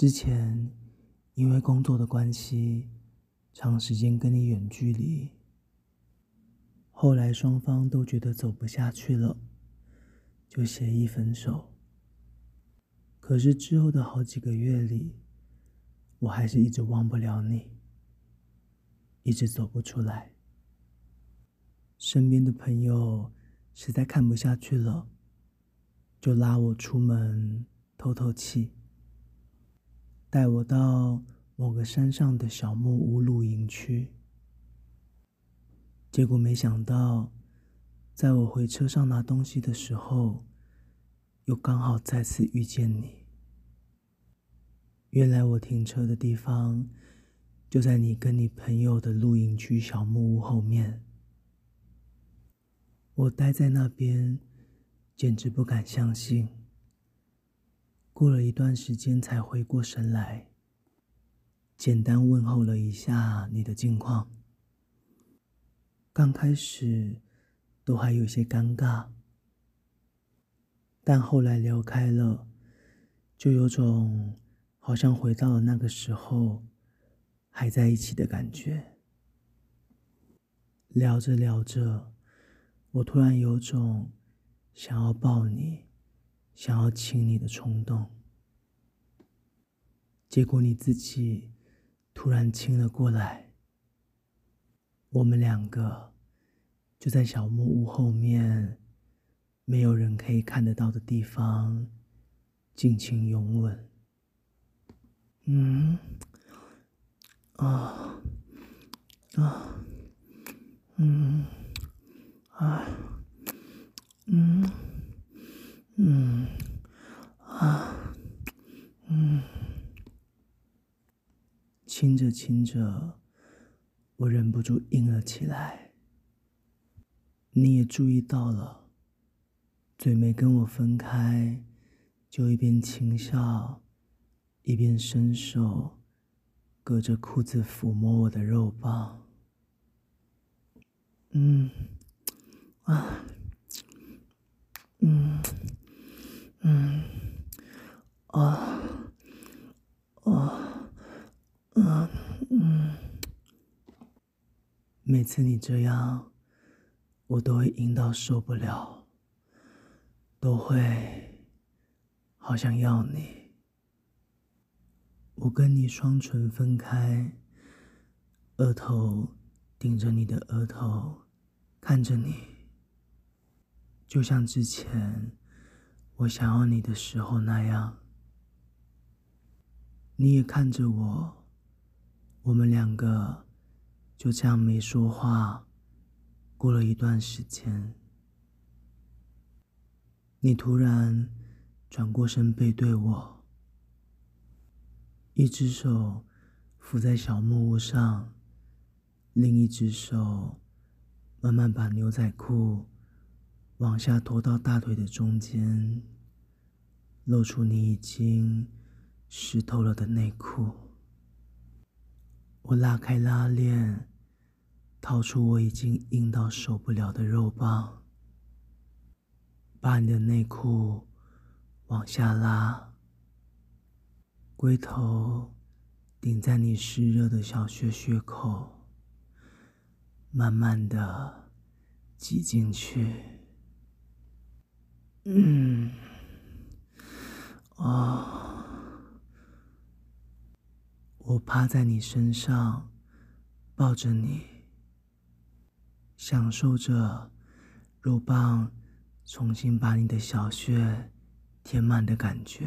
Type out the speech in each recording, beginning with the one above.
之前，因為工作的關係，長時間跟你遠距離。後來雙方都覺得走不下去了，就協議分手。可是之後的好幾個月裡，我還是一直忘不了你，一直走不出來。身邊的朋友實在看不下去了，就拉我出門透透氣。帶我到某個山上的小木屋露營區，結果沒想到，在我回車上拿東西的時候，又剛好再次遇見你。原來我停車的地方就在你跟你朋友的露營區小木屋後面，我待在那邊，簡直不敢相信。過了一段時間才回過神來，簡單問候了一下你的近況。剛開始都還有些尷尬，但後來聊開了，就有種好像回到了那個時候還在一起的感覺。聊着聊着，我突然有種想要抱你。想要親你的衝動，結果你自己突然親了過來。我們兩個就在小木屋後面，沒有人可以看得到的地方，盡情擁吻。嗯，啊，啊，嗯，哎、啊，嗯。嗯，啊，嗯，親着親着，我忍不住硬了起來。你也注意到了，嘴沒跟我分開，就一邊輕笑，一邊伸手隔着褲子撫摸我的肉棒。嗯，啊，嗯。嗯，哦，哦，嗯嗯，每次你這樣，我都會硬到受不了，都會好想要你。我跟你雙唇分開，額頭頂着你的額頭，看着你，就像之前。我想要你的時候那樣，你也看着我，我們兩個就這樣沒說話。過了一段時間，你突然轉過身背對我，一隻手扶在小木屋上，另一隻手慢慢把牛仔褲。往下拖到大腿的中間，露出你已經濕透了的內褲。我拉開拉鏈，掏出我已經硬到受不了的肉棒，把你的內褲往下拉，龜頭頂在你濕熱的小穴穴口，慢慢的擠進去。嗯，哦， oh, 我趴在你身上，抱着你，享受着肉棒重新把你的小穴填滿的感覺。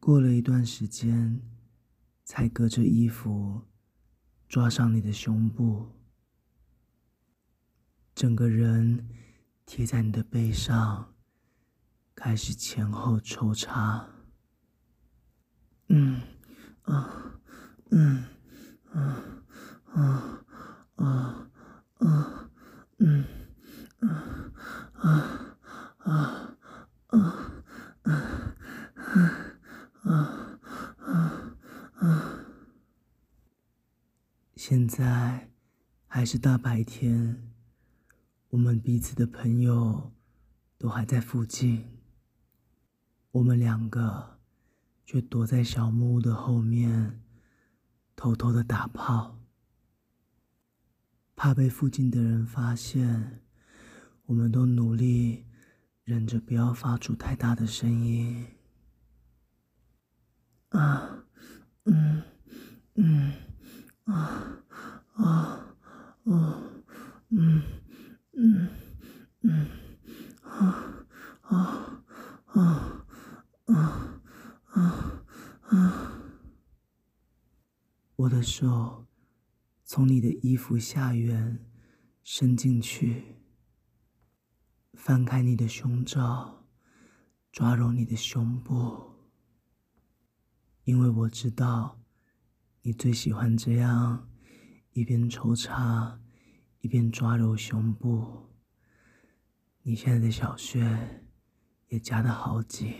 過了一段時間，才隔着衣服抓上你的胸部，整個人。貼 unlucky 在你的背上，開始前後抽插。嗯，啊，嗯，啊，啊，啊，啊，嗯，啊，啊，啊，啊，啊，啊，啊，啊，現在還是大白天。我們彼此的朋友都還在附近，我們兩個卻躲在小木屋的後面偷偷的打炮，怕被附近的人發現。我們都努力忍着不要發出太大的聲音。啊，嗯，嗯，啊，啊，哦，嗯。我的手從你的衣服下緣伸進去，翻開你的胸罩，抓揉你的胸部，因為我知道你最喜歡這樣，一邊抽插，一邊抓揉胸部。你現在的小穴也夾得好緊，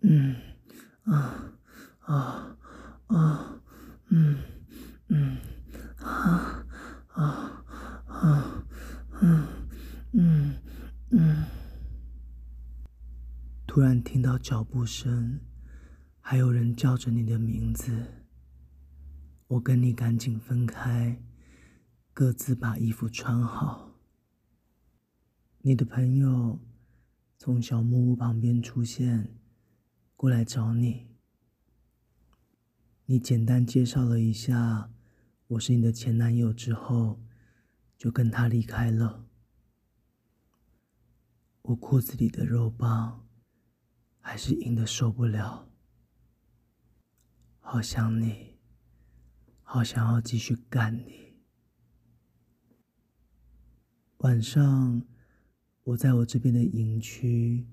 嗯，啊啊。啊，嗯，嗯，啊，啊，啊，嗯，嗯，嗯。突然聽到腳步聲，還有人叫着你的名字。我跟你趕緊分開，各自把衣服穿好。你的朋友從小木屋旁邊出現，過來找你。你簡單介紹了一下，我是你的前男友之後，就跟他離開了。我褲子裡的肉棒還是硬的，受不了，好想你，好想要繼續幹你。晚上我在我這邊的營區，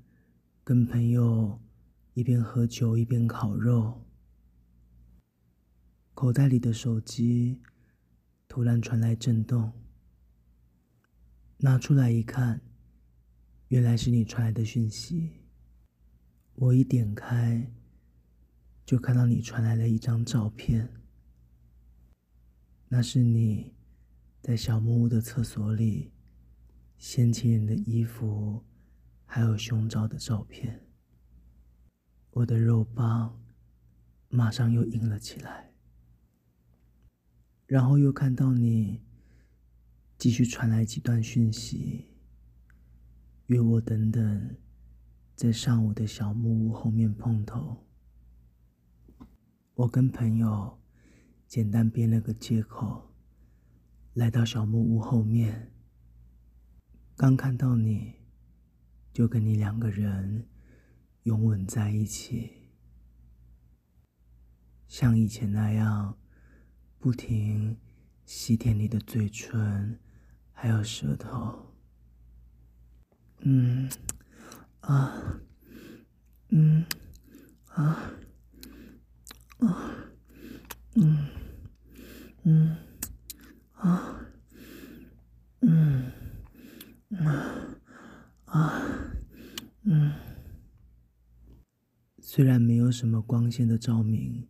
跟朋友一邊喝酒一邊烤肉。口袋裡的手機突然傳來震動，拿出來一看，原來是你傳來的訊息。我一點開，就看到你傳來了一張照片。那是你在小木屋的廁所裡掀起你的衣服，還有胸罩的照片。我的肉棒馬上又硬了起來。然後又看到你，繼續傳來幾段訊息，約我等等，在上午的小木屋後面碰頭。我跟朋友簡單編了個借口，來到小木屋後面。剛看到你，就跟你兩個人擁吻在一起，像以前那樣。不停吸舔你的嘴唇，還有舌頭。嗯啊，嗯啊，啊嗯嗯啊嗯嗯啊嗯。雖然沒有什麼光線的照明，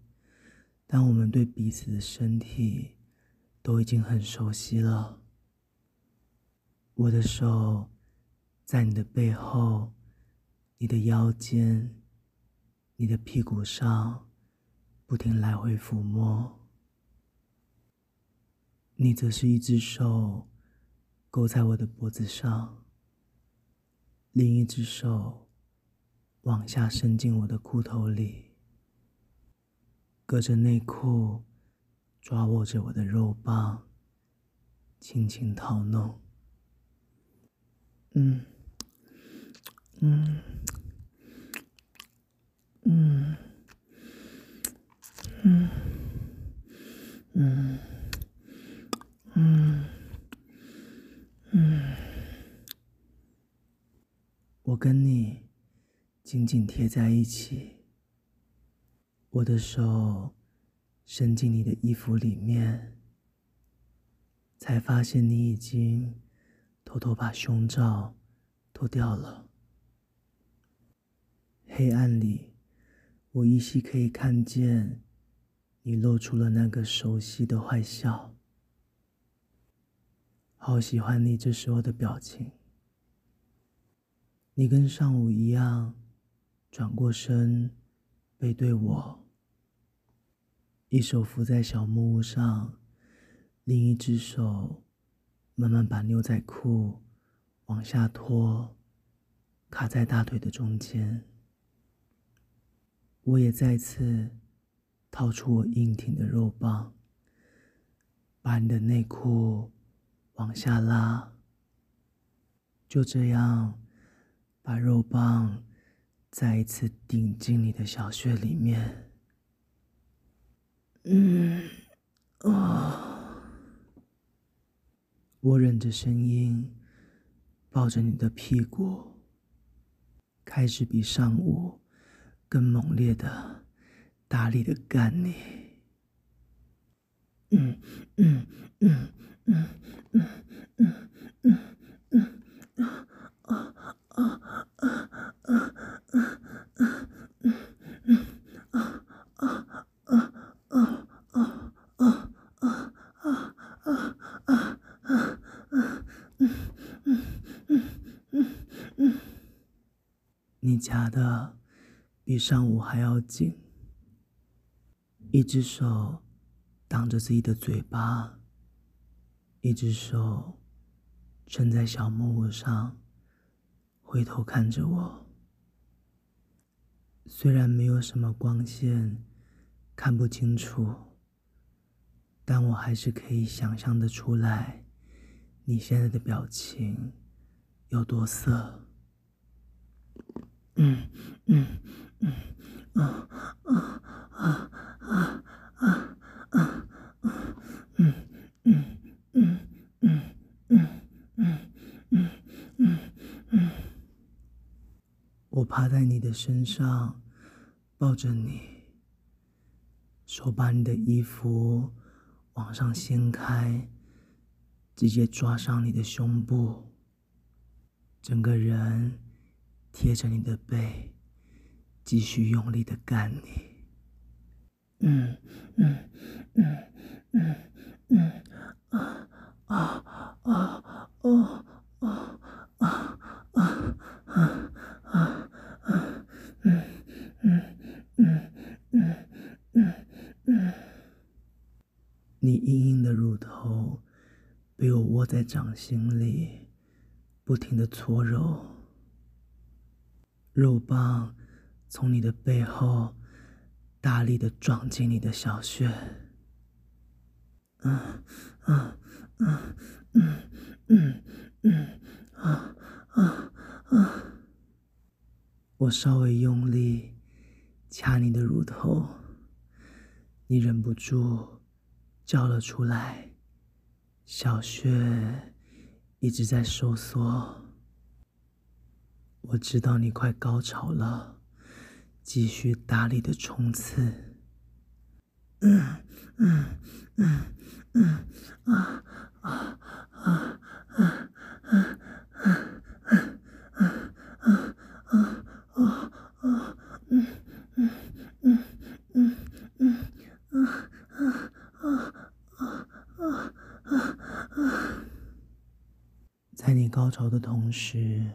當我們對彼此的身體都已經很熟悉了，我的手在你的背後、你的腰間、你的屁股上不停來回撫摸，你則是一只手勾在我的脖子上，另一只手往下伸進我的褲頭裡。隔着內褲，抓握着我的肉棒，輕輕套弄。嗯，嗯，嗯，嗯，嗯，嗯，嗯，嗯，我跟你緊緊貼在一起。我的手伸進你的衣服裡面，才發現你已經偷偷把胸罩脫掉了。黑暗裡，我依稀可以看見你露出了那個熟悉的壞笑。好喜歡你這時候的表情。你跟上午一樣，轉過身，背對我。一手扶在小木屋上，另一隻手慢慢把牛仔褲往下拖，卡在大腿的中間。我也再次掏出我硬挺的肉棒，把你的內褲往下拉。就這樣，把肉棒再一次頂進你的小穴裡面。嗯，哦 我忍着聲音，抱着你的屁股，開始比上午更猛烈的、大力的幹你。嗯嗯嗯嗯嗯嗯嗯嗯嗯嗯嗯嗯嗯嗯嗯嗯嗯啊啊啊啊啊啊啊嗯嗯嗯嗯嗯。 你夾得比上午還要緊。一隻手擋着自己的嘴巴，一隻手撐在小木屋上，回頭看着我。雖然沒有什麼光線。看不清楚，但我還是可以想象得出來，你現在的表情有多色。嗯嗯嗯嗯嗯嗯嗯嗯嗯嗯嗯嗯嗯嗯嗯嗯嗯嗯，我趴在你的身上，抱着你。手把你的衣服往上掀開，直接抓上你的胸部，整個人貼着你的背，繼續用力的幹你。嗯嗯嗯嗯嗯啊啊啊啊啊啊！啊啊啊啊啊在掌心裡，不停地搓揉。肉棒從你的背後大力地撞擊你的小穴。啊啊啊！嗯嗯嗯啊啊啊。我稍微用力掐你的乳頭，你忍不住叫了出來。小穴一直在收縮，我知道你快高潮了，繼續大力的衝刺。嗯嗯嗯嗯啊啊啊！啊啊在你高潮的同時，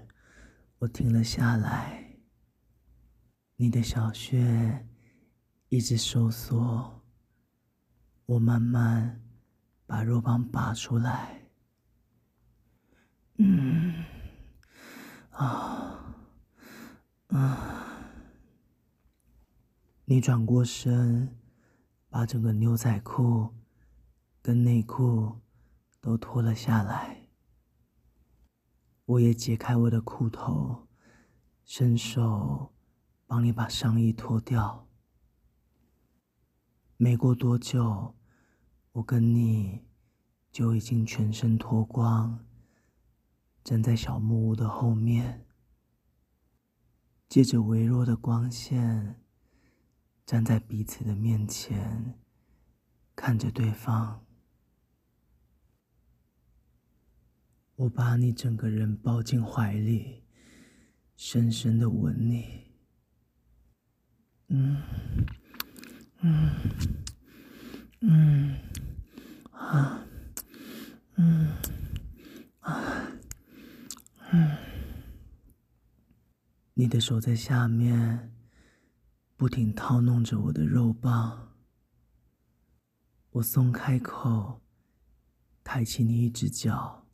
我停了下來。你的小穴一直收縮，我慢慢把肉棒拔出來。嗯，啊，啊！你轉過身，把整個牛仔褲跟內褲都脫了下來。我也解開我的褲頭，伸手幫你把上衣脫掉。沒過多久，我跟你就已經全身脫光，站在小木屋的後面，借着微弱的光線，站在彼此的面前，看着對方。我把你整個人抱進懷裡，深深的吻你。嗯，嗯，嗯，啊，嗯，啊，嗯。你的手在下面，不停掏弄着我的肉棒。我鬆開口，抬起你一只腳。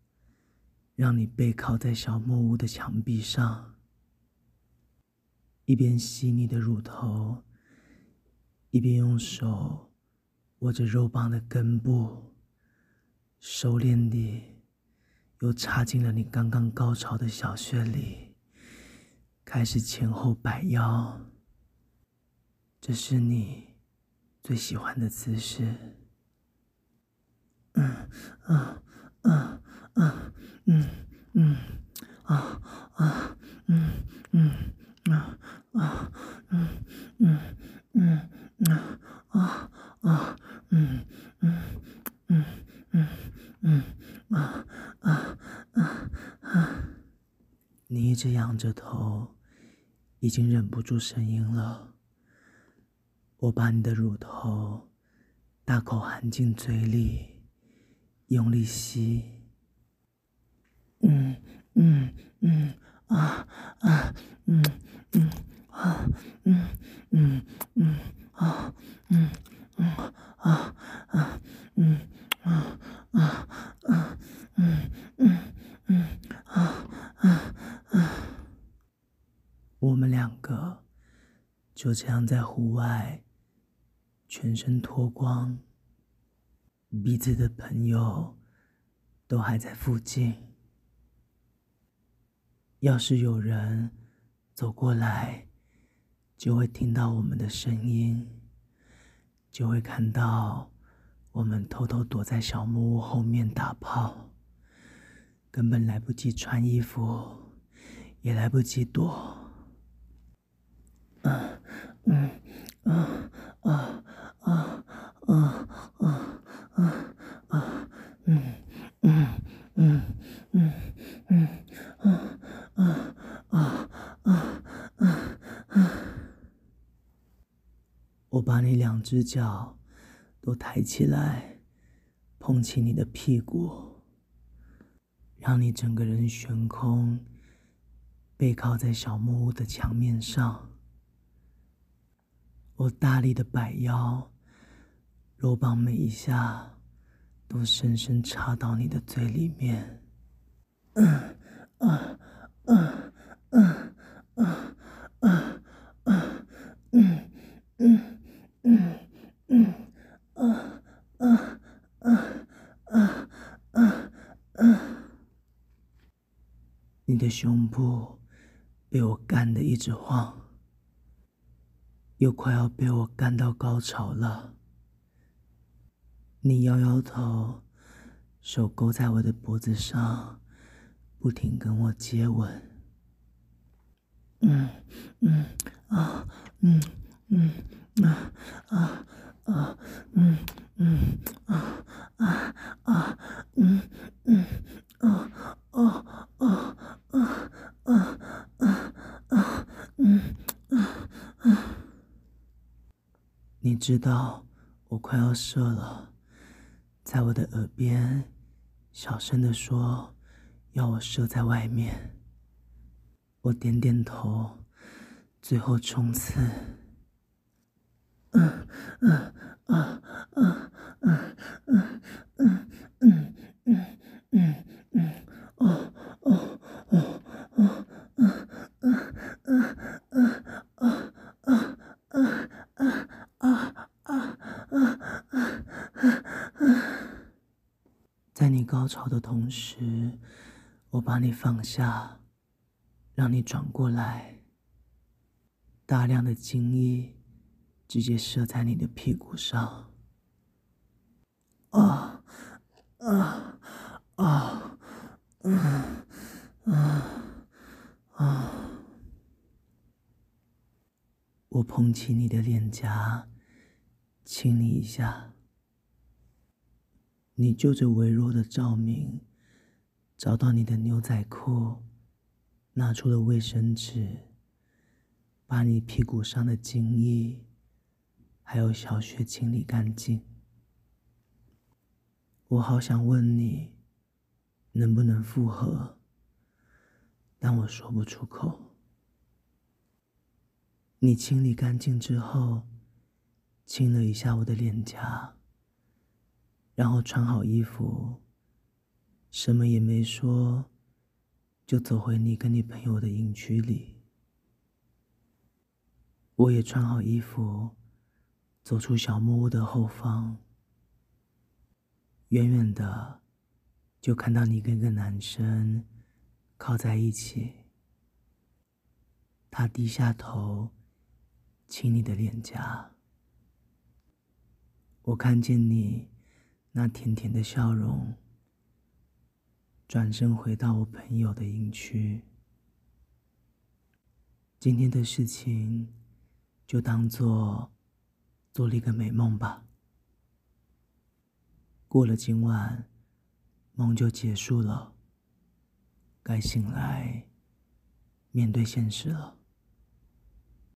讓你背靠在小木屋的牆壁上，一邊吸你的乳頭，一邊用手握着肉棒的根部，熟練地又插進了你剛剛高潮的小穴裡，開始前後擺腰。這是你最喜歡的姿勢。嗯嗯嗯、啊啊啊嗯嗯啊啊嗯嗯啊啊嗯嗯嗯啊啊啊嗯嗯嗯嗯嗯啊啊啊啊！你一直仰着頭，已經忍不住聲音了。我把你的乳頭大口含進嘴裡，用力吸。就這樣在戶外，全身脫光，彼此的朋友都還在附近。要是有人走過來，就會聽到我們的聲音，就會看到我們偷偷躲在小木屋後面打炮，根本來不及穿衣服，也來不及躲。嗯。嗯，啊啊啊啊啊啊啊！嗯嗯嗯嗯嗯啊啊啊啊啊！啊啊啊啊啊，我把你兩只腳都抬起來，捧起你的屁股，讓你整個人懸空，背靠在小木屋的牆面上。我大力的擺腰，肉棒每一下都深深插到你的最裡面，嗯，啊，啊，啊，啊，啊，啊，嗯，嗯，嗯，嗯，啊，啊，啊，啊，啊，啊，你的胸部被我幹得一直晃。又快要被我幹到高潮了，你搖搖頭，手勾在我的脖子上，不停跟我接吻，嗯嗯啊嗯嗯啊啊啊嗯嗯啊啊啊嗯嗯。 PTSD 知道我快要射了，在我的耳邊小聲地說，要我射在外面。我點點頭，最後衝刺。嗯嗯啊啊啊啊啊啊啊啊啊啊啊啊啊啊啊啊啊啊！ 高潮的同時，我把你放下，讓你轉過來。大量的精液直接射在你的屁股上。哦、啊啊啊啊啊！我捧起你的臉頰，親你一下。你就着微弱的照明，找到你的牛仔褲，拿出了衛生紙，把你屁股上的精液還有小穴清理乾淨。我好想問你，能不能復合，但我說不出口。你清理乾淨之後，親了一下我的臉頰。然後穿好衣服，什麼也沒說，就走回你跟你朋友的營區裡。我也穿好衣服，走出小木屋的後方。遠遠的，就看到你跟一個男生靠在一起。他低下頭，親你的臉頰。我看見你，那甜甜的笑容，轉身回到我朋友的營區。今天的事情，就當做做了一個美夢吧。過了今晚，夢就結束了，該醒來面對現實了。